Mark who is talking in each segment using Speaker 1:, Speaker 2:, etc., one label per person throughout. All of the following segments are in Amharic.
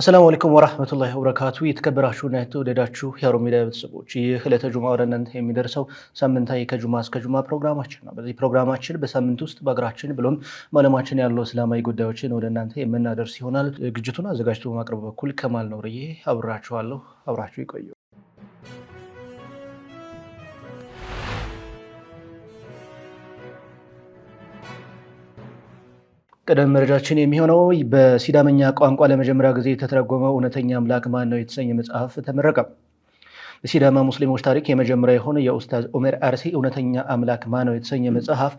Speaker 1: አሰላሙ አለይኩም ወራህመቱላሂ ወበረካቱ። የተከበራችሁና የተወደዳችሁ የሀሩን ሚዲያ ቤተሰቦች ይህ ዕለተ ጁማ ወደ እናንተ የሚደርሰው ሳምንታዊ ከጁማ እስከ ጁማ ፕሮግራማችን ነው። በዚህ ፕሮግራማችን በሳምንት ውስጥ በሀገራችን ብሎም በዓለማችን ያለው እስላማዊ ጉዳዮችን ወደ እናንተ የምናደርስ ይሆናል። ዝግጅቱን አዘጋጅቶ በማቅረብ በኩል ከማል ነውርዬ አብራችኋለሁ። አብራችሁ ይቆዩ። ቀደም መረጃችን የሚሆነው በሲዳመኛ ቋንቋ ለመጀመሪያ ጊዜ የተተረጎመው እውነተኛ አምላክ ማን ነው የተሰኘ መጽሐፍ ተመረቀ። በሲዳማ ሙስሊሞች ታሪክ የመጀመሪያ የሆነ የኡስታዝ ኡሜር አርሲ እውነተኛ አምላክ ማን ነው የተሰኘ መጽሐፍ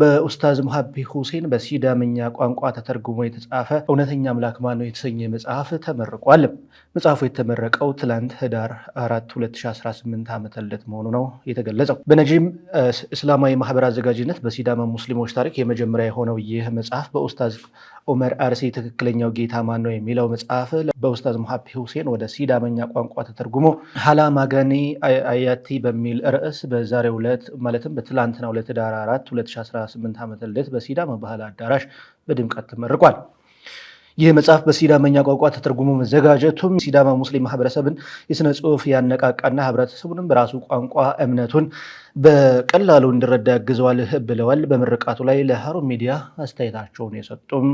Speaker 1: በኡስታዝ ሙሀቢ ሁሴን በሲዳምኛ ቋንቋ ተተርጉሞ የተጻፈ እውነተኛ አምላክ ማነው የተሰኘ መጽሐፍ ተመርቋል። መጽሐፉ የተመረቀው ትላንት ህዳር 4 2018 ዓ ምት መሆኑ ነው የተገለጸው። በነጂም እስላማዊ ማህበር አዘጋጅነት በሲዳማ ሙስሊሞች ታሪክ የመጀመሪያ የሆነው ይህ መጽሐፍ በኡስታዝ ኡመር አርሲ ትክክለኛው ጌታ ነው የሚለው መጽሐፍ በኡስታዝ ሙሀቢ ሁሴን ወደ ሲዳመኛ ቋንቋ ተተርጉሞ ሀላ ማጋኒ አያቲ በሚል ርዕስ በዛሬው ዕለት ማለትም በትላንትና ሁለት ዳር 4 2018 ዓመተ ልደት በሲዳማ ባህል አዳራሽ በድምቀት ተመርቋል። ይህ መጽሐፍ በሲዳመኛ ቋንቋ ተተርጉሞ መዘጋጀቱም ሲዳማ ሙስሊም ማህበረሰብን የሥነ ጽሑፍ ያነቃቃና ህብረተሰቡንም በራሱ ቋንቋ እምነቱን በቀላሉ እንዲረዳ ያግዘዋል ብለዋል። በምርቃቱ ላይ ለሀሩን ሚዲያ አስተያየታቸውን የሰጡም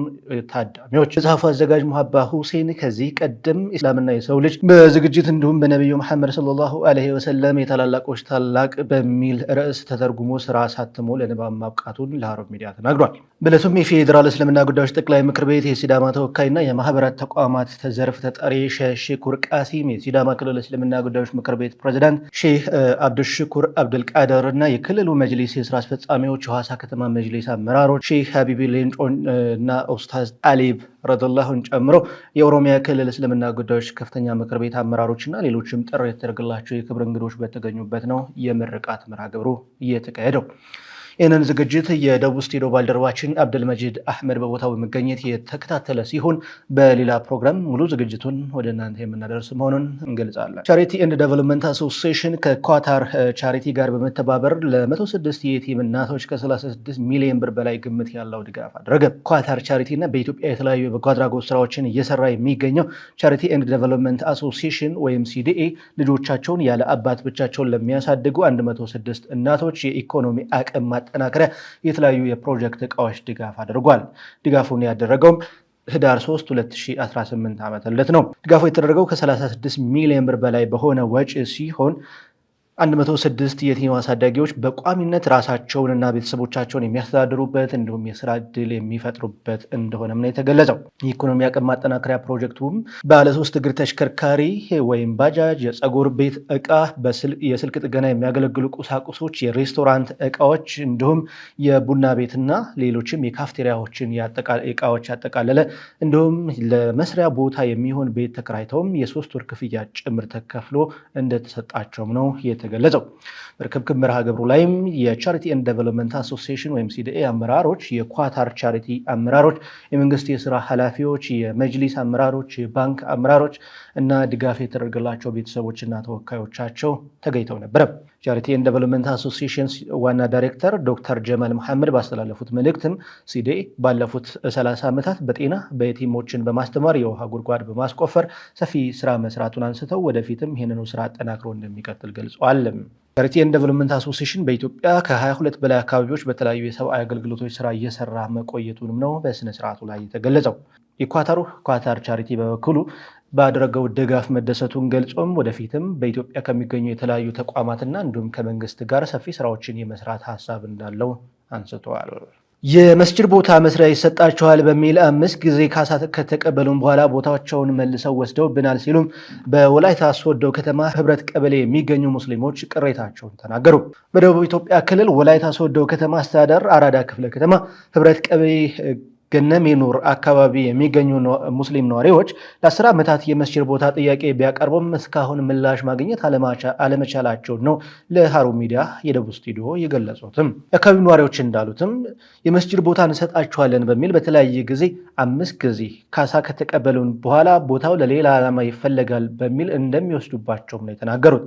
Speaker 1: ታዳሚዎች የጸሐፉ አዘጋጅ ሙሀባ ሁሴን ከዚህ ቀደም ኢስላምና የሰው ልጅ በዝግጅት እንዲሁም በነቢዩ መሐመድ ሰለላሁ ዐለይሂ ወሰለም የታላላቆች ታላቅ በሚል ርዕስ ተተርጉሞ ስራ አሳትሞ ለንባብ ማብቃቱን ለሀሩን ሚዲያ ተናግሯል። በዕለቱም የፌዴራል እስልምና ጉዳዮች ጠቅላይ ምክር ቤት የሲዳማ ተወካይና የማህበራት ተቋማት ተዘርፍ ተጠሪ ሼህ ቁር ቃሲም፣ የሲዳማ ክልል እስልምና ጉዳዮች ምክር ቤት ፕሬዚዳንት ሼህ አብዱሽኩር አብዱልቃድር አስተዳደር እና የክልሉ መጅሊስ የስራ አስፈጻሚዎች፣ የሐዋሳ ከተማ መጅሊስ አመራሮች፣ ሼህ ሀቢቢ ሌንጮ እና ኡስታዝ አሊብ ረድላሁን ጨምሮ የኦሮሚያ ክልል እስልምና ጉዳዮች ከፍተኛ ምክር ቤት አመራሮች እና ሌሎችም ጥሪ የተደረገላቸው የክብር እንግዶች በተገኙበት ነው የምርቃት መርሃ ግብሩ እየተካሄደው። ይህንን ዝግጅት የደቡብ ስቱዲዮ ባልደረባችን አብደልመጂድ አህመድ በቦታው በመገኘት የተከታተለ ሲሆን በሌላ ፕሮግራም ሙሉ ዝግጅቱን ወደ እናንተ የምናደርስ መሆኑን እንገልጻለን። ቻሪቲ ኤንድ ዴቨሎፕመንት አሶሲሽን ከኳታር ቻሪቲ ጋር በመተባበር ለ106 የቲም እናቶች ከ36 ሚሊዮን ብር በላይ ግምት ያለው ድጋፍ አደረገ። ኳታር ቻሪቲ እና በኢትዮጵያ የተለያዩ የበጎ አድራጎት ስራዎችን እየሰራ የሚገኘው ቻሪቲ ኤንድ ዴቨሎፕመንት አሶሲሽን ወይም ሲዲኤ ልጆቻቸውን ያለ አባት ብቻቸውን ለሚያሳድጉ 106 እናቶች የኢኮኖሚ አቅም እያጠናከረ የተለያዩ የፕሮጀክት እቃዎች ድጋፍ አድርጓል። ድጋፉን ያደረገውም ህዳር 3 2018 ዓ.ም ነው። ድጋፉ የተደረገው ከ36 ሚሊዮን ብር በላይ በሆነ ወጪ ሲሆን 106 የቲማ አሳዳጊዎች በቋሚነት ራሳቸውንና ቤተሰቦቻቸውን የሚያስተዳድሩበት እንዲሁም የስራ እድል የሚፈጥሩበት እንደሆነም ነው የተገለጸው። የኢኮኖሚ አቅም ማጠናከሪያ ፕሮጀክቱም ባለሶስት እግር ተሽከርካሪ ወይም ባጃጅ፣ የፀጉር ቤት እቃ፣ የስልክ ጥገና የሚያገለግሉ ቁሳቁሶች፣ የሬስቶራንት እቃዎች እንዲሁም የቡና ቤትና ሌሎችም የካፍቴሪያዎችን እቃዎች ያጠቃለለ እንዲሁም ለመስሪያ ቦታ የሚሆን ቤት ተከራይተውም የሶስት ወር ክፍያ ጭምር ተከፍሎ እንደተሰጣቸውም ነው 这个，来走。በርክብክብ መርሃ ግብሩ ላይም የቻሪቲ ኤንድ ዴቨሎፕመንት አሶሲሽን ወይም ሲዲኤ አመራሮች፣ የኳታር ቻሪቲ አመራሮች፣ የመንግስት የስራ ኃላፊዎች፣ የመጅሊስ አመራሮች፣ የባንክ አመራሮች እና ድጋፍ የተደረገላቸው ቤተሰቦችና ተወካዮቻቸው ተገኝተው ነበረ። ቻሪቲ ኤንድ ዴቨሎፕመንት አሶሲሽን ዋና ዳይሬክተር ዶክተር ጀማል መሐመድ ባስተላለፉት መልእክትም ሲዲኤ ባለፉት 30 ዓመታት በጤና በየቲሞችን በማስተማር የውሃ ጉድጓድ በማስቆፈር ሰፊ ስራ መስራቱን አንስተው ወደፊትም ይህንኑ ስራ አጠናክሮ እንደሚቀጥል ገልጸዋል። ቻሪቲን ደቨሎፕመንት አሶሴሽን በኢትዮጵያ ከ22 በላይ አካባቢዎች በተለያዩ የሰብአዊ አገልግሎቶች ስራ እየሰራ መቆየቱንም ነው በስነ ስርዓቱ ላይ የተገለጸው። የኳታሩ ኳታር ቻሪቲ በበኩሉ ባደረገው ድጋፍ መደሰቱን ገልጾም ወደፊትም በኢትዮጵያ ከሚገኙ የተለያዩ ተቋማትና እንዲሁም ከመንግስት ጋር ሰፊ ስራዎችን የመስራት ሀሳብ እንዳለው አንስተዋል። የመስጅድ ቦታ መስሪያ ይሰጣችኋል በሚል አምስት ጊዜ ካሳ ከተቀበሉም በኋላ ቦታቸውን መልሰው ወስደውብናል ሲሉም በወላይታ አስወደው ከተማ ህብረት ቀበሌ የሚገኙ ሙስሊሞች ቅሬታቸውን ተናገሩ። በደቡብ ኢትዮጵያ ክልል ወላይታ አስወደው ከተማ አስተዳደር አራዳ ክፍለ ከተማ ህብረት ቀበሌ ገነሜኑር አካባቢ የሚገኙ ሙስሊም ነዋሪዎች ለአስር ዓመታት የመስጅድ ቦታ ጥያቄ ቢያቀርቡም እስካሁን ምላሽ ማግኘት አለመቻላቸውን ነው ለሃሩን ሚዲያ የደቡብ ስቱዲዮ የገለጹትም። የአካባቢው ነዋሪዎች እንዳሉትም የመስጅድ ቦታ እንሰጣችኋለን በሚል በተለያየ ጊዜ አምስት ጊዜ ካሳ ከተቀበሉን በኋላ ቦታው ለሌላ ዓላማ ይፈለጋል በሚል እንደሚወስዱባቸውም ነው የተናገሩት።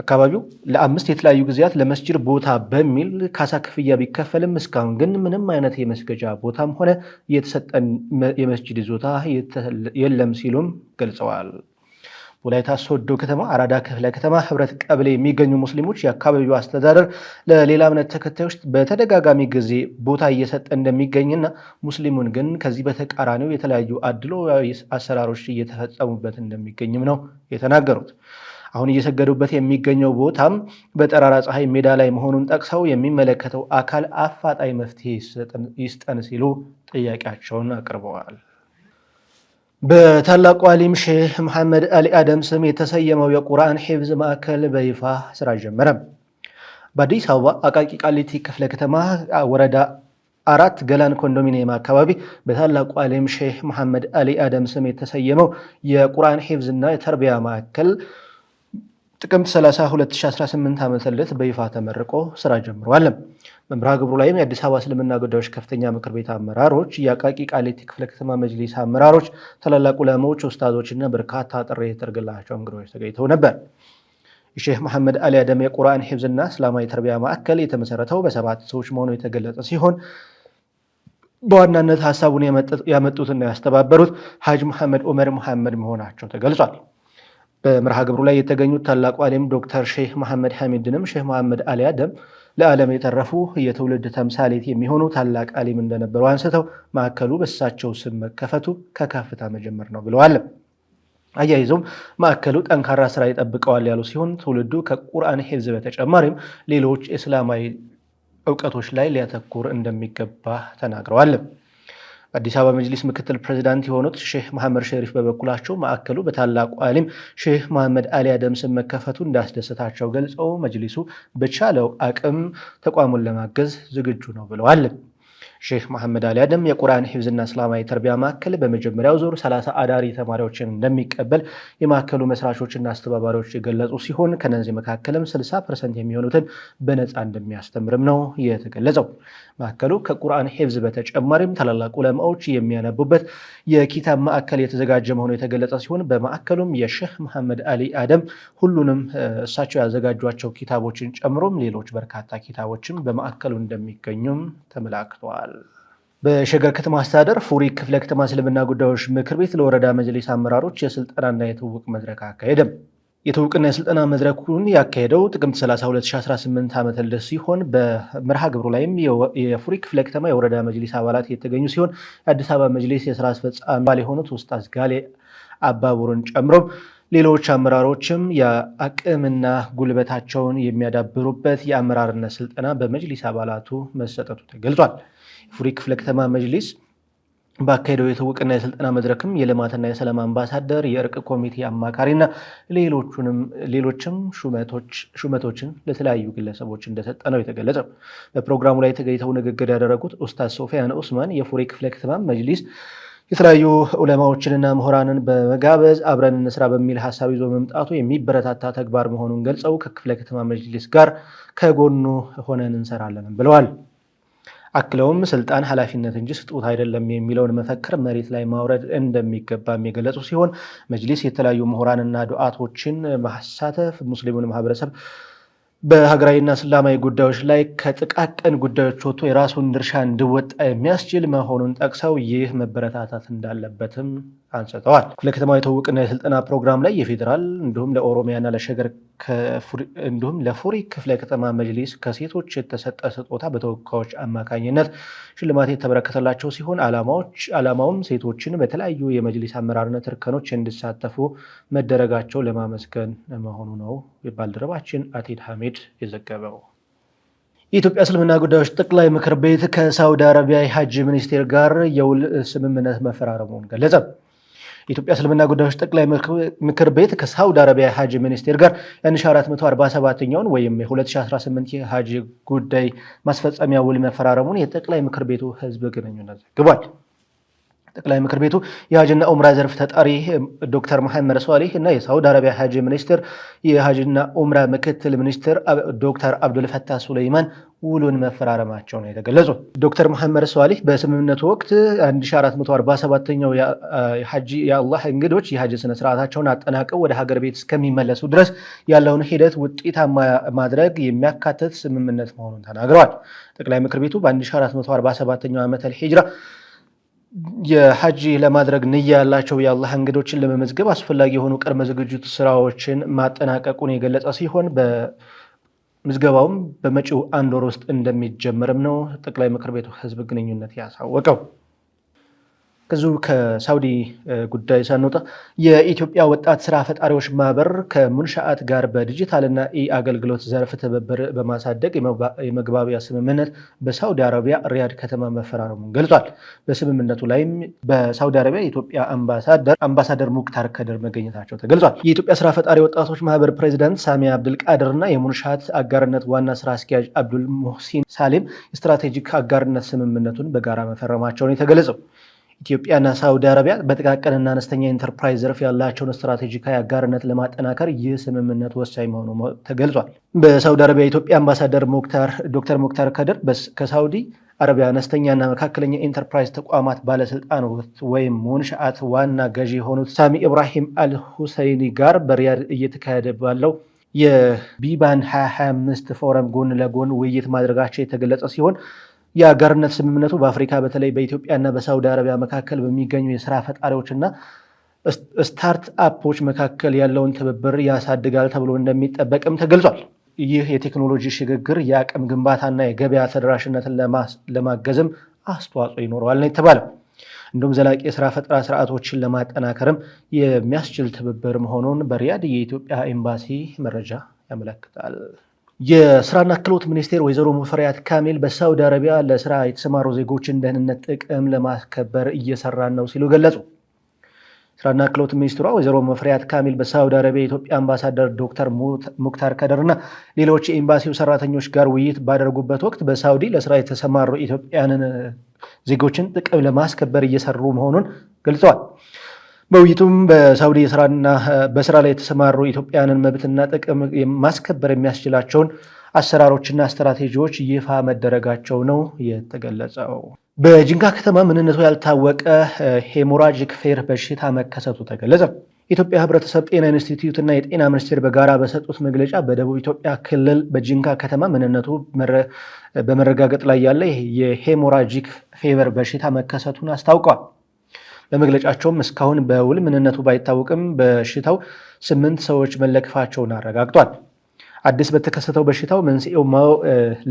Speaker 1: አካባቢው ለአምስት የተለያዩ ጊዜያት ለመስጅድ ቦታ በሚል ካሳ ክፍያ ቢከፈልም እስካሁን ግን ምንም አይነት የመስገጃ ቦታም ሆነ የተሰጠን የመስጅድ ይዞታ የለም ሲሉም ገልጸዋል። ወላይታ ሶዶ ከተማ አራዳ ክፍለ ከተማ ህብረት ቀበሌ የሚገኙ ሙስሊሞች የአካባቢው አስተዳደር ለሌላ እምነት ተከታዮች በተደጋጋሚ ጊዜ ቦታ እየሰጠ እንደሚገኝና ሙስሊሙን ግን ከዚህ በተቃራኒው የተለያዩ አድሎ አሰራሮች እየተፈጸሙበት እንደሚገኝም ነው የተናገሩት። አሁን እየሰገዱበት የሚገኘው ቦታም በጠራራ ፀሐይ ሜዳ ላይ መሆኑን ጠቅሰው የሚመለከተው አካል አፋጣኝ መፍትሄ ይስጠን ሲሉ ጥያቄያቸውን አቅርበዋል። በታላቁ ዓሊም ሼህ መሐመድ አሊ አደም ስም የተሰየመው የቁርአን ሒፍዝ ማዕከል በይፋ ስራ ጀመረ። በአዲስ አበባ አቃቂ ቃሊቲ ክፍለ ከተማ ወረዳ አራት ገላን ኮንዶሚኒየም አካባቢ በታላቁ ዓሊም ሼህ መሐመድ አሊ አደም ስም የተሰየመው የቁርአን ሒፍዝና የተርቢያ ማዕከል ጥቅምት 30 2018 ም በይፋ ተመርቆ ስራ ጀምሯል። በመርሃ ግብሩ ላይም የአዲስ አበባ እስልምና ጉዳዮች ከፍተኛ ምክር ቤት አመራሮች፣ የአቃቂ ቃሊቲ ክፍለ ከተማ መጅሊስ አመራሮች፣ ታላላቅ ዑለሞች፣ ኡስታዞች እና በርካታ ጥሪ የተደረገላቸው እንግዶች ተገኝተው ነበር። የሼህ መሐመድ አሊ አደም የቁርአን ሂብዝና እስላማዊ ተርቢያ ማዕከል የተመሰረተው በሰባት ሰዎች መሆኑ የተገለጸ ሲሆን በዋናነት ሀሳቡን ያመጡትና ያስተባበሩት ሀጅ መሐመድ ዑመር መሐመድ መሆናቸው ተገልጿል። በመርሃ ግብሩ ላይ የተገኙት ታላቁ አሊም ዶክተር ሼህ መሐመድ ሐሚድንም ሼህ መሐመድ አሊ አደም ለዓለም የተረፉ የትውልድ ተምሳሌት የሚሆኑ ታላቅ አሊም እንደነበሩ አንስተው ማዕከሉ በሳቸው ስም መከፈቱ ከከፍታ መጀመር ነው ብለዋል። አያይዘውም ማዕከሉ ጠንካራ ስራ ይጠብቀዋል ያሉ ሲሆን ትውልዱ ከቁርአን ሂፍዝ በተጨማሪም ሌሎች እስላማዊ እውቀቶች ላይ ሊያተኩር እንደሚገባ ተናግረዋል። አዲስ አበባ መጅሊስ ምክትል ፕሬዚዳንት የሆኑት ሼህ መሐመድ ሸሪፍ በበኩላቸው ማዕከሉ በታላቁ አሊም ሼህ መሐመድ አሊ አደምስን መከፈቱ እንዳስደሰታቸው ገልጸው መጅሊሱ በቻለው አቅም ተቋሙን ለማገዝ ዝግጁ ነው ብለዋል። ሼክ መሐመድ አሊ አደም የቁርአን ሂፍዝና እስላማዊ ተርቢያ ማዕከል በመጀመሪያው ዙር ሰላሳ አዳሪ ተማሪዎችን እንደሚቀበል የማዕከሉ መስራቾችና አስተባባሪዎች የገለጹ ሲሆን ከነዚህ መካከልም 60 ፐርሰንት የሚሆኑትን በነፃ እንደሚያስተምርም ነው የተገለጸው። ማዕከሉ ከቁርአን ሂፍዝ በተጨማሪም ታላላቅ ዑለማዎች የሚያነቡበት የኪታብ ማዕከል የተዘጋጀ መሆኑ የተገለጸ ሲሆን በማዕከሉም የሼህ መሐመድ አሊ አደም ሁሉንም እሳቸው ያዘጋጇቸው ኪታቦችን ጨምሮም ሌሎች በርካታ ኪታቦችም በማዕከሉ እንደሚገኙም ተመላክተዋል። ይሆናል። በሸገር ከተማ አስተዳደር ፉሪ ክፍለ ከተማ እስልምና ጉዳዮች ምክር ቤት ለወረዳ መጅሊስ አመራሮች የስልጠናና የትውውቅ መድረክ አካሄደም። የትውውቅና የስልጠና መድረኩን ያካሄደው ጥቅምት 30 2018 ዓ ም ሲሆን በመርሃ ግብሩ ላይም የፉሪ ክፍለ ከተማ የወረዳ መጅሊስ አባላት የተገኙ ሲሆን የአዲስ አበባ መጅሊስ የስራ አስፈጻሚ ባል የሆኑት ኡስታዝ ጋሌ አባቡርን ጨምሮ ሌሎች አመራሮችም የአቅምና ጉልበታቸውን የሚያዳብሩበት የአመራርነት ስልጠና በመጅሊስ አባላቱ መሰጠቱ ተገልጿል። ፉሪ ክፍለ ከተማ መጅሊስ ባካሄደው የተውቅና የስልጠና መድረክም የልማትና የሰላም አምባሳደር የእርቅ ኮሚቴ አማካሪና ሌሎችም ሹመቶችን ለተለያዩ ግለሰቦች እንደሰጠ ነው የተገለጸው። በፕሮግራሙ ላይ ተገኝተው ንግግር ያደረጉት ኡስታዝ ሶፊያን ኡስማን የፉሪ ክፍለ ከተማ መጅሊስ የተለያዩ ዑለማዎችንና ምሁራንን በመጋበዝ አብረን እንስራ በሚል ሀሳብ ይዞ መምጣቱ የሚበረታታ ተግባር መሆኑን ገልጸው ከክፍለ ከተማ መጅሊስ ጋር ከጎኑ ሆነን እንሰራለን ብለዋል። አክለውም ስልጣን ኃላፊነት እንጂ ስጦታ አይደለም የሚለውን መፈክር መሬት ላይ ማውረድ እንደሚገባም የገለጹ ሲሆን መጅሊስ የተለያዩ ምሁራንና ዱዓቶችን ማሳተፍ ሙስሊሙን ማህበረሰብ በሀገራዊና ስላማዊ ጉዳዮች ላይ ከጥቃቅን ጉዳዮች ወጥቶ የራሱን ድርሻ እንዲወጣ የሚያስችል መሆኑን ጠቅሰው ይህ መበረታታት እንዳለበትም አንስተዋል። ክፍለ ከተማው የስልጠና ፕሮግራም ላይ የፌዴራል እንዲሁም ለኦሮሚያና ለሸገር እንዲሁም ለፉሪ ክፍለ ከተማ መጅሊስ ከሴቶች የተሰጠ ስጦታ በተወካዮች አማካኝነት ሽልማት የተበረከተላቸው ሲሆን ዓላማውም ሴቶችን በተለያዩ የመጅሊስ አመራርነት እርከኖች እንዲሳተፉ መደረጋቸው ለማመስገን መሆኑ ነው። ባልደረባችን አቴድ ሐሚድ መሄድ የዘገበው የኢትዮጵያ እስልምና ጉዳዮች ጠቅላይ ምክር ቤት ከሳውዲ አረቢያ የሀጅ ሚኒስቴር ጋር የውል ስምምነት መፈራረሙን ገለጸ። የኢትዮጵያ እስልምና ጉዳዮች ጠቅላይ ምክር ቤት ከሳውዲ አረቢያ የሀጅ ሚኒስቴር ጋር የ1447ኛውን ወይም የ2018 የሀጅ ጉዳይ ማስፈጸሚያ ውል መፈራረሙን የጠቅላይ ምክር ቤቱ ህዝብ ግንኙነት ዘግቧል። ጠቅላይ ምክር ቤቱ የሀጅና ኡምራ ዘርፍ ተጠሪ ዶክተር መሐመድ ሷሊህ እና የሳውዲ አረቢያ ሀጅ ሚኒስትር የሀጅና ኡምራ ምክትል ሚኒስትር ዶክተር አብዱልፈታህ ሱለይማን ውሉን መፈራረማቸው ነው የተገለጹ። ዶክተር መሐመድ ሷሊህ በስምምነቱ ወቅት 1447ኛው የአላህ እንግዶች የሀጅ ስነስርዓታቸውን አጠናቀው ወደ ሀገር ቤት እስከሚመለሱ ድረስ ያለውን ሂደት ውጤታማ ማድረግ የሚያካትት ስምምነት መሆኑን ተናግረዋል። ጠቅላይ ምክር ቤቱ በ1447ኛው ዓመተ ሂጅራ የሐጂ ለማድረግ ንያ ያላቸው የአላህ እንግዶችን ለመመዝገብ አስፈላጊ የሆኑ ቅድመ ዝግጅት ስራዎችን ማጠናቀቁን የገለጸ ሲሆን ምዝገባውም በመጪው አንድ ወር ውስጥ እንደሚጀመርም ነው ጠቅላይ ምክር ቤቱ ህዝብ ግንኙነት ያሳወቀው። ከዚሁ ከሳውዲ ጉዳይ ሳንወጣ የኢትዮጵያ ወጣት ስራ ፈጣሪዎች ማህበር ከሙንሻአት ጋር በዲጂታልና ኢ አገልግሎት ዘርፍ ትብብር በማሳደግ የመግባቢያ ስምምነት በሳውዲ አረቢያ ሪያድ ከተማ መፈራረሙን ገልጿል። በስምምነቱ ላይም በሳውዲ አረቢያ የኢትዮጵያ አምባሳደር አምባሳደር ሙክታር ከድር መገኘታቸው ተገልጿል። የኢትዮጵያ ስራ ፈጣሪ ወጣቶች ማህበር ፕሬዚዳንት ሳሚ አብዱልቃድር እና የሙንሻአት አጋርነት ዋና ስራ አስኪያጅ አብዱል ሙህሲን ሳሌም የስትራቴጂክ አጋርነት ስምምነቱን በጋራ መፈረማቸውን የተገለጸው ኢትዮጵያና ሳዑዲ አረቢያ በጥቃቅንና አነስተኛ ኢንተርፕራይዝ ዘርፍ ያላቸውን ስትራቴጂካዊ አጋርነት ለማጠናከር ይህ ስምምነት ወሳኝ መሆኑ ተገልጿል። በሳዑዲ አረቢያ የኢትዮጵያ አምባሳደር ዶክተር ሙክታር ከድር ከሳዑዲ አረቢያ አነስተኛና መካከለኛ ኢንተርፕራይዝ ተቋማት ባለስልጣኖት ወይም ሙንሻአት ዋና ገዢ የሆኑት ሳሚ ኢብራሂም አልሁሰይኒ ጋር በሪያድ እየተካሄደ ባለው የቢባን 2025 ፎረም ጎን ለጎን ውይይት ማድረጋቸው የተገለጸ ሲሆን የአጋርነት ስምምነቱ በአፍሪካ በተለይ በኢትዮጵያና በሳውዲ አረቢያ መካከል በሚገኙ የስራ ፈጣሪዎችና ስታርት አፖች መካከል ያለውን ትብብር ያሳድጋል ተብሎ እንደሚጠበቅም ተገልጿል። ይህ የቴክኖሎጂ ሽግግር የአቅም ግንባታና የገበያ ተደራሽነትን ለማገዝም አስተዋጽኦ ይኖረዋል ነው የተባለው። እንዲሁም ዘላቂ የስራ ፈጠራ ስርዓቶችን ለማጠናከርም የሚያስችል ትብብር መሆኑን በሪያድ የኢትዮጵያ ኤምባሲ መረጃ ያመለክታል። የስራና ክህሎት ሚኒስቴር ወይዘሮ ሙፈሪያት ካሚል በሳውዲ አረቢያ ለስራ የተሰማሩ ዜጎችን ደህንነት ጥቅም ለማስከበር እየሰራን ነው ሲሉ ገለጹ። ስራና ክህሎት ሚኒስትሯ ወይዘሮ ሙፈሪያት ካሚል በሳውዲ አረቢያ የኢትዮጵያ አምባሳደር ዶክተር ሙክታር ከደርና ሌሎች የኤምባሲው ሰራተኞች ጋር ውይይት ባደረጉበት ወቅት በሳውዲ ለስራ የተሰማሩ ኢትዮጵያንን ዜጎችን ጥቅም ለማስከበር እየሰሩ መሆኑን ገልጸዋል። በውይይቱም በሳውዲ ስራና በስራ ላይ የተሰማሩ ኢትዮጵያውያንን መብትና ጥቅም ማስከበር የሚያስችላቸውን አሰራሮችና ስትራቴጂዎች ይፋ መደረጋቸው ነው የተገለጸው። በጅንካ ከተማ ምንነቱ ያልታወቀ ሄሞራጂክ ፌር በሽታ መከሰቱ ተገለጸ። የኢትዮጵያ ህብረተሰብ ጤና ኢንስቲትዩት እና የጤና ሚኒስቴር በጋራ በሰጡት መግለጫ በደቡብ ኢትዮጵያ ክልል በጅንካ ከተማ ምንነቱ በመረጋገጥ ላይ ያለ የሄሞራጂክ ፌቨር በሽታ መከሰቱን አስታውቀዋል። በመግለጫቸውም እስካሁን በውል ምንነቱ ባይታወቅም በሽታው ስምንት ሰዎች መለከፋቸውን አረጋግጧል። አዲስ በተከሰተው በሽታው መንስኤው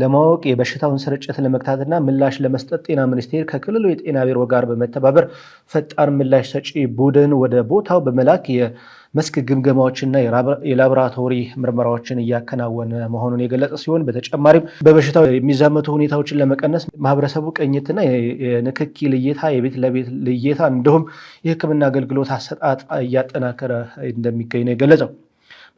Speaker 1: ለማወቅ የበሽታውን ስርጭት ለመግታትና ምላሽ ለመስጠት ጤና ሚኒስቴር ከክልሉ የጤና ቢሮ ጋር በመተባበር ፈጣን ምላሽ ሰጪ ቡድን ወደ ቦታው በመላክ መስክ ግምገማዎችና የላቦራቶሪ ምርመራዎችን እያከናወነ መሆኑን የገለጸ ሲሆን በተጨማሪም በበሽታው የሚዛመቱ ሁኔታዎችን ለመቀነስ ማህበረሰቡ ቅኝትና የንክኪ ልየታ፣ የቤት ለቤት ልየታ እንዲሁም የሕክምና አገልግሎት አሰጣጥ እያጠናከረ እንደሚገኝ ነው የገለጸው።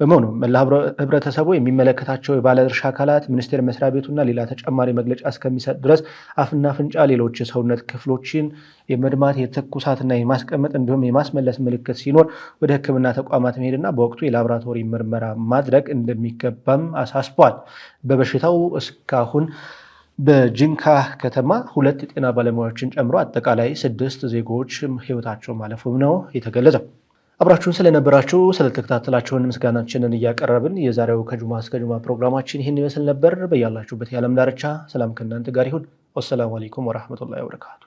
Speaker 1: በመሆኑ መላ ህብረተሰቡ የሚመለከታቸው የባለድርሻ አካላት ሚኒስቴር መስሪያ ቤቱና ሌላ ተጨማሪ መግለጫ እስከሚሰጥ ድረስ አፍና አፍንጫ፣ ሌሎች የሰውነት ክፍሎችን የመድማት የትኩሳትና የማስቀመጥ እንዲሁም የማስመለስ ምልክት ሲኖር ወደ ሕክምና ተቋማት መሄድና በወቅቱ የላቦራቶሪ ምርመራ ማድረግ እንደሚገባም አሳስቧል። በበሽታው እስካሁን በጅንካ ከተማ ሁለት የጤና ባለሙያዎችን ጨምሮ አጠቃላይ ስድስት ዜጎች ህይወታቸው ማለፉም ነው የተገለጸው። አብራችሁን ስለነበራችሁ ስለተከታተላችሁን ምስጋናችንን እያቀረብን የዛሬው ከጁማ እስከ ጁማ ፕሮግራማችን ይህን ይመስል ነበር። በያላችሁበት የዓለም ዳርቻ ሰላም ከእናንተ ጋር ይሁን። ወሰላሙ አሌይኩም ወረሕመቱላሂ ወበረካቱ።